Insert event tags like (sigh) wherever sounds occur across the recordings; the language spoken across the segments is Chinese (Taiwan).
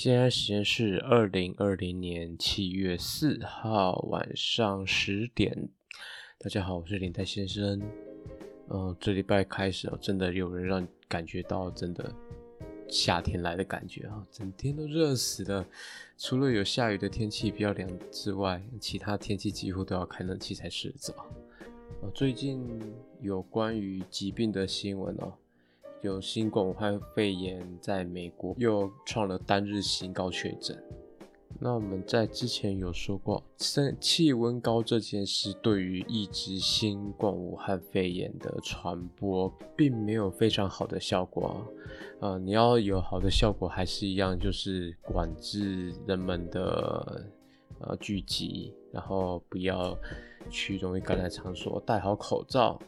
現在時間是二零二零年七月四號晚上十點。大家好，我是林泰先生。嗯、呃，這禮拜開始真的有人讓你感覺到真的夏天來的感覺啊！整天都熱死的，除了有下雨的天氣比較涼之外，其他天氣幾乎都要開冷氣才睡得著。最近有關於疾病的新聞哦。有新冠武漢肺炎在美國，又創了單日新高確診。那我們在之前有說過，氣溫高這件事對於抑制新冠武漢肺炎的傳播並沒有非常好的效果。呃，你要有好的效果，還是一樣，就是管制人們的、呃、聚集，然後不要去容易感染場所，戴好口罩。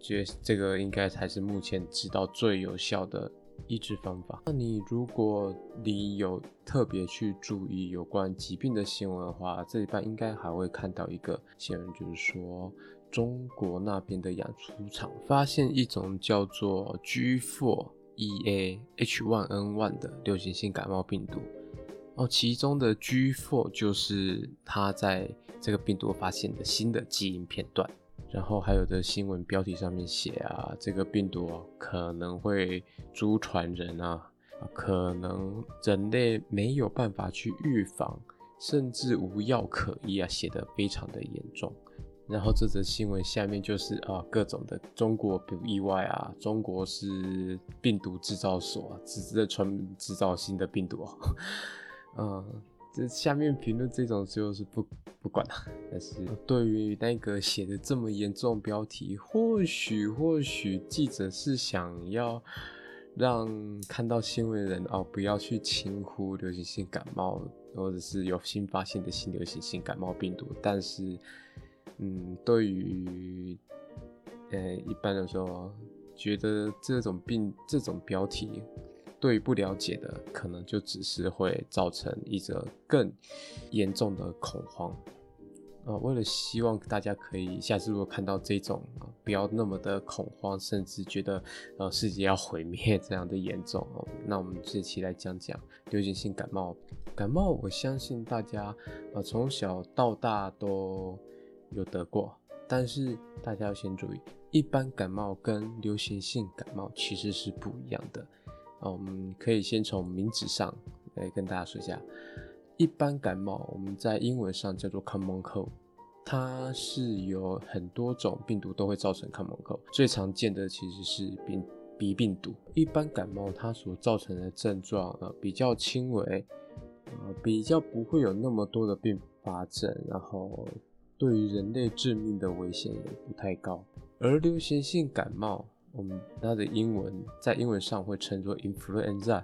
這覺得這個應該才是目前知道最有效的醫治方法。那你如果你有特別去注意有關疾病的新聞的話，這禮拜應該還會看到一個新聞，就是說中國那邊的養豬場發現一種叫做 G4EAH1N1 的流行性感冒病毒，哦，其中的 G4 就是它在這個病毒發現的新的基因片段。然後還有的新聞標題上面寫啊，這個病毒可能會豬傳人啊，可能人類沒有辦法去預防，甚至無藥可醫啊，寫得非常的嚴重。然後這則新聞下面就是啊，各種的中國不意外啊，中國是病毒制造所、啊，只是在傳製造新的病毒啊、哦。 (laughs) 嗯這下面評論這種就是不不管了，但是對於那個寫的這麼嚴重的標題，或許或許記者是想要讓看到新聞的人哦，不要去輕忽流行性感冒，或者是有新發現的新流行性感冒病毒，但是嗯，對於呃、欸、一般來說，覺得這種病這種標題。對不了解的，可能就只是會造成一則更嚴重的恐慌。啊、呃，為了希望大家可以下次如果看到這種、呃，不要那麼的恐慌，甚至覺得呃世界要毀滅這樣的嚴重、哦，那我們這期來講講流行性感冒。感冒我相信大家啊、呃、從小到大都有得過，但是大家要先注意，一般感冒跟流行性感冒其實是不一樣的。嗯，我們可以先從名字上來跟大家說一下，一般感冒我們在英文上叫做 common cold，它是有很多種病毒都會造成 common cold，最常見的其實是鼻鼻病毒。一般感冒它所造成的症狀呢、呃、比較輕微，呃比較不會有那麼多的併發症，然後對於人類致命的危險也不太高。而流行性感冒，我們它，的英文在英文上會稱作 influenza，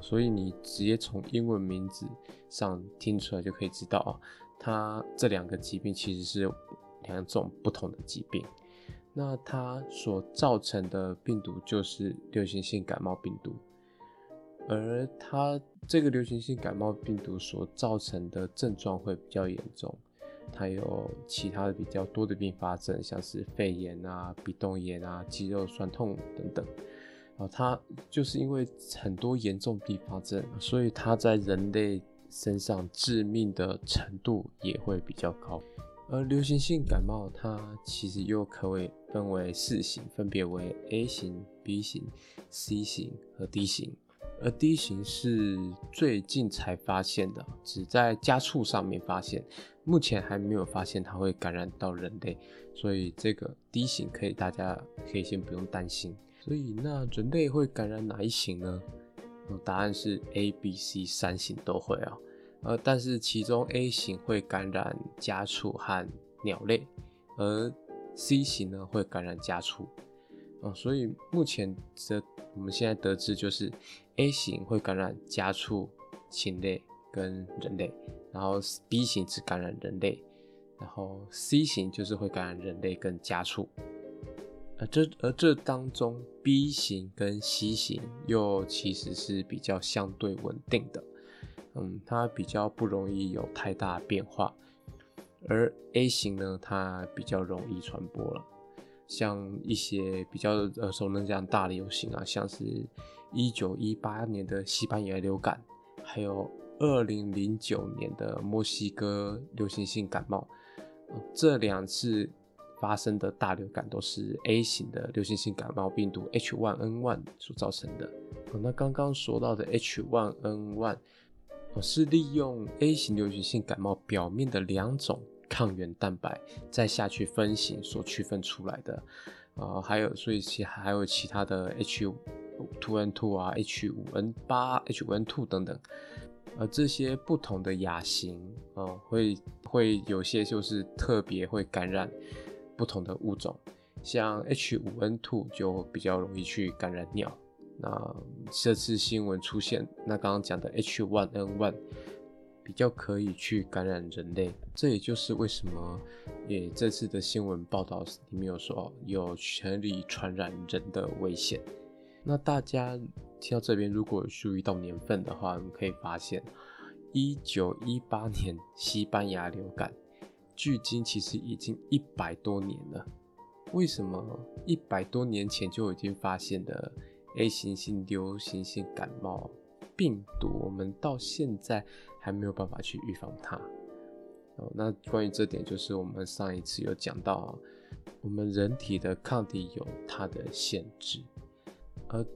所以你直接從英文名字上聽出來就可以知道啊，它這兩個疾病其實是兩種不同的疾病。那它所造成的病毒就是流行性感冒病毒，而它這個流行性感冒病毒所造成的症狀會比較嚴重。它有其他的比較多的併發症，像是肺炎啊、鼻竇炎啊、肌肉酸痛等等。啊，它就是因為很多嚴重併發症，所以它在人類身上致命的程度也會比較高。而流行性感冒它其實又可以分為四型，分別為 A 型、B 型、C 型和 D 型。而 D 型是最近才發現的，只在家畜上面發現，目前還沒有發現它會感染到人類，所以這個 D 型可以大家可以先不用擔心。所以那人類會感染哪一型呢？答案是 A、B、C 三型都會啊、喔。呃，但是其中 A 型會感染家畜和鳥類，而 C 型呢會感染家畜。嗯，所以目前這我們現在得知就是，A 型會感染家畜、禽類跟人類，然後 B 型只感染人類，然後 C 型就是會感染人類跟家畜。而這而這當中，B 型跟 C 型又其實是比較相對穩定的，嗯，它比較不容易有太大變化，而 A 型呢，它比較容易傳播了。像一些比較耳熟能詳大的流行啊，像是，一九一八年的西班牙流感，還有二零零九年的墨西哥流行性感冒，這兩次發生的大流感都是 A 型的流行性感冒病毒 H1N1 所造成的。哦，那剛剛說到的 H1N1，哦，是利用 A 型流行性感冒表面的兩種。抗原蛋白再下去分型所區分出來的，呃，還有所以其還有其他的 H 五 two N two 啊，H 五 N 八、H 五 N two 等等，而、呃、這些不同的亞型啊、呃，會會有些就是特別會感染不同的物種，像 H 五 N two 就比較容易去感染鳥。那這次新聞出現，那剛剛講的 H one N one。比較可以去感染人類，這也就是為什麼也這次的新聞報道裡面有說有潛力傳染人的危險。那大家聽到這邊，如果注意到年份的話，可以發現一九一八年西班牙流感，距今其實已經一百多年了。為什麼一百多年前就已經發現了 A 型性流行性感冒？病毒，我們到現在還沒有辦法去預防它。哦，那關於這點，就是我們上一次有講到啊，我們人體的抗體有它的限制。而，呃，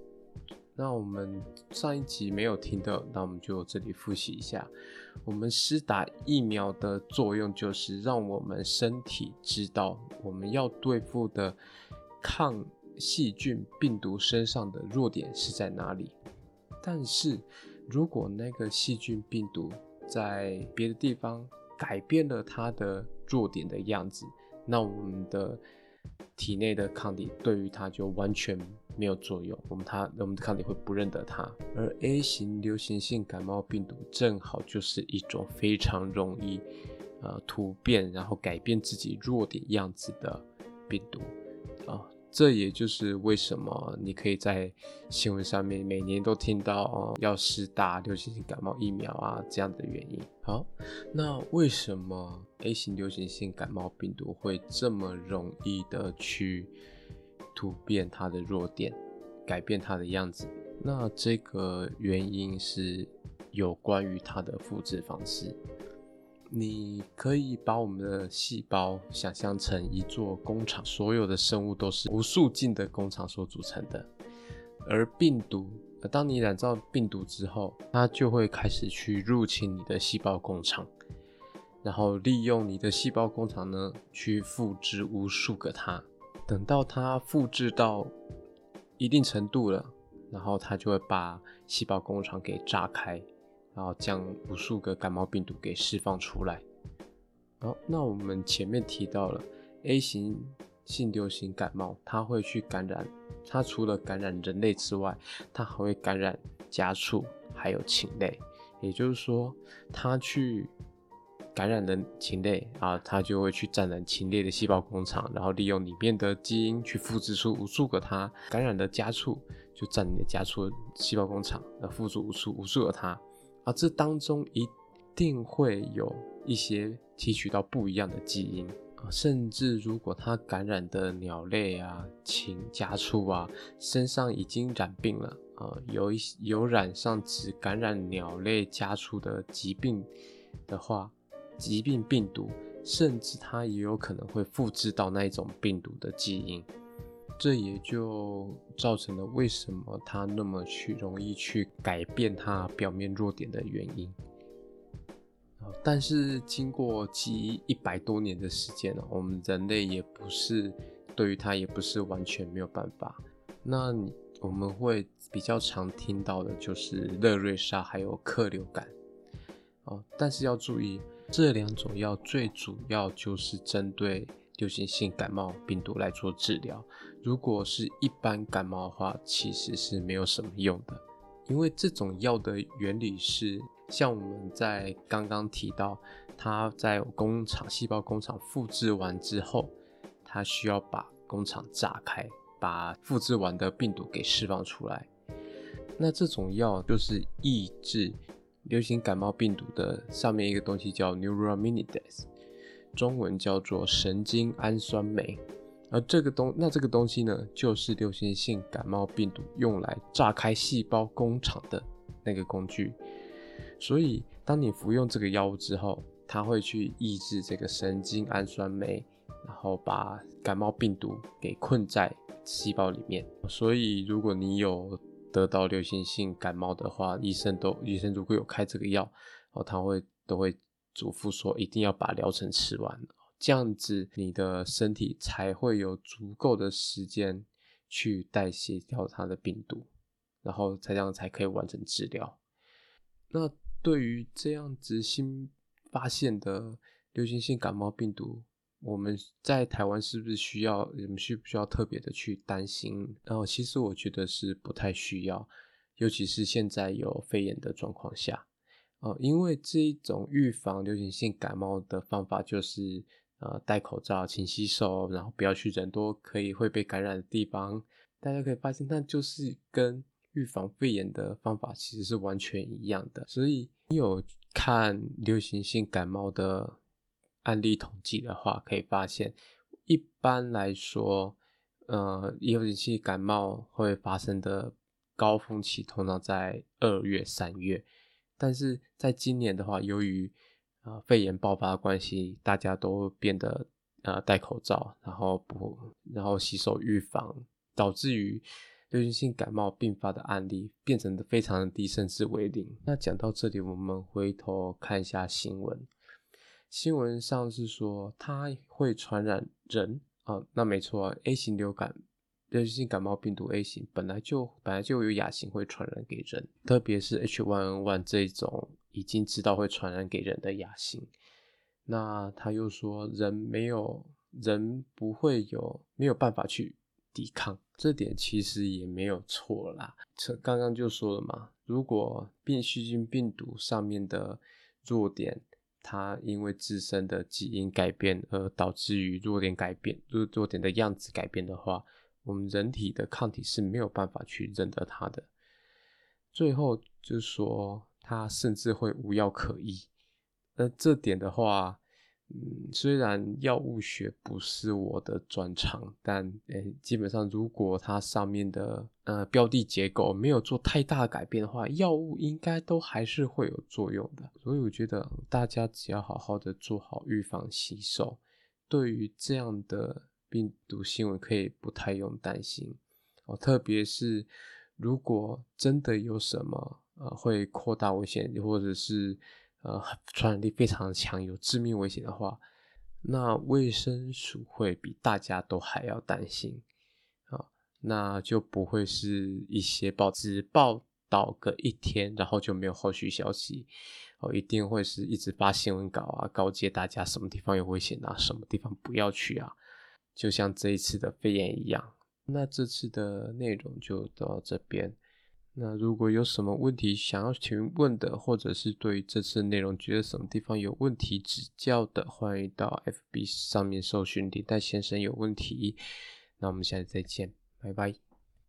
那我們上一集沒有聽到，那我們就這裡複習一下。我們施打疫苗的作用，就是讓我們身體知道我們要對付的抗細菌、病毒身上的弱點是在哪裡。但是，如果那個細菌病毒在別的地方改變了它的弱點的樣子，那我們的體內的抗體對於它就完全沒有作用。我們它我們的抗體會不認得它。而 A 型流行性感冒病毒正好就是一種非常容易呃突變，然後改變自己弱點樣子的病毒啊。哦這也就是為什麼你可以在新聞上面每年都聽到，嗯，要施打流行性感冒疫苗啊這樣的原因。好，那為什麼 A 型流行性感冒病毒會這麼容易的去突變它的弱點，改變它的樣子？那這個原因是有關於它的複製方式。你可以把我們的細胞想象成一座工廠，所有的生物都是無數進的工廠所組成的。而病毒，當你染上病毒之後，它就會開始去入侵你的細胞工廠，然後利用你的細胞工廠呢去複製無數個它。等到它複製到一定程度了，然後它就會把細胞工廠給炸開。然後將無數個感冒病毒給釋放出來。好、哦，那我們前面提到了 A 型性流行感冒，它會去感染它，除了感染人類之外，它還會感染家畜還有禽類。也就是說，它去感染的禽類啊，它就會去佔領禽類的細胞工廠，然後利用裡面的基因去複製出無數個它感染的家畜，就佔領家畜細胞工廠，呃，複製無數無數個它。啊，這當中一定會有一些提取到不一樣的基因啊，甚至如果它感染的鳥類啊、禽、家畜啊，身上已經染病了啊，有一些有染上只感染鳥類、家畜的疾病的話，疾病病毒，甚至它也有可能會複製到那一種病毒的基因。這也就造成了為什麼它那麼去容易去改變它表面弱點的原因。但是經過近一百多年的時間，我們人類也不是對於它也不是完全沒有辦法。那我們會比較常聽到的就是樂瑞沙還有克流感。哦，但是要注意，這兩種藥最主要就是針對。流行性感冒病毒來做治療，如果是一般感冒的話，其實是沒有什麼用的，因為這種藥的原理是，像我們在剛剛提到，它在工廠細胞工廠複製完之後，它需要把工廠炸開，把複製完的病毒給釋放出來。那這種藥就是抑制流行感冒病毒的上面一個東西叫 neuraminidase。中文叫做神經氨酸酶，而這個東那這個東西呢，就是流行性感冒病毒用來炸開細胞工廠的那個工具。所以，當你服用這個藥物之後，它會去抑制這個神經氨酸酶，然後把感冒病毒給困在細胞裡面。所以，如果你有得到流行性感冒的話，醫生都醫生如果有開這個藥，哦，他會都會。祖父說：“一定要把療程吃完，這樣子你的身體才會有足夠的時間去代謝掉它的病毒，然後才這樣才可以完成治療。那對於這樣子新發現的流行性感冒病毒，我們在台灣是不是需要？我們需不需要特別的去擔心？然、哦、後其實我覺得是不太需要，尤其是現在有肺炎的狀況下。”哦、呃，因為這一種預防流行性感冒的方法就是，呃，戴口罩、勤洗手，然後不要去人多、可以會被感染的地方。大家可以發現，那就是跟預防肺炎的方法其實是完全一樣的。所以，你有看流行性感冒的案例統計的話，可以發現，一般來說，呃，流行性感冒會發生的高峰期通常在二月、三月。但是在今年的話，由於呃肺炎爆發的關係，大家都變得呃戴口罩，然後不然後洗手預防，導致於流行性感冒病發的案例變成的非常的低，甚至為零。那講到這裡，我們回頭看一下新聞，新聞上是說它會傳染人啊、哦，那沒錯，A 型流感。變性感冒病毒 A 型本來就本來就有亞型會傳染給人，特別是 H1N1 這一種已經知道會傳染給人的亞型。那他又說人沒有人不會有沒有辦法去抵抗，這點其實也沒有錯啦。這剛剛就說了嘛，如果變性菌病毒上面的弱點，它因為自身的基因改變而導致於弱點改變，弱、就是、弱點的樣子改變的話。我們人體的抗體是沒有辦法去認得它的，最後就是說，它甚至會無藥可醫。那這點的話，嗯，雖然藥物學不是我的專長，但誒、欸，基本上如果它上面的呃標的結構沒有做太大的改變的話，藥物應該都還是會有作用的。所以我覺得大家只要好好的做好預防洗手，對於這樣的，病毒新聞可以不太用擔心哦，特別是如果真的有什麼呃會擴大危險，或者是呃傳染力非常強，有致命危險的話，那衛生署會比大家都還要擔心啊、哦，那就不會是一些報紙報道個一天，然後就沒有後續消息哦，一定會是一直發新聞稿啊，告誡大家什麼地方有危險啊，什麼地方不要去啊。就像這一次的肺炎一樣，那這次的內容就到這邊。那如果有什麼問題想要詢問的，或者是對於這次內容覺得什麼地方有問題指教的，歡迎到 FB 上面搜尋李代先生有問題。那我們下次再見，拜拜。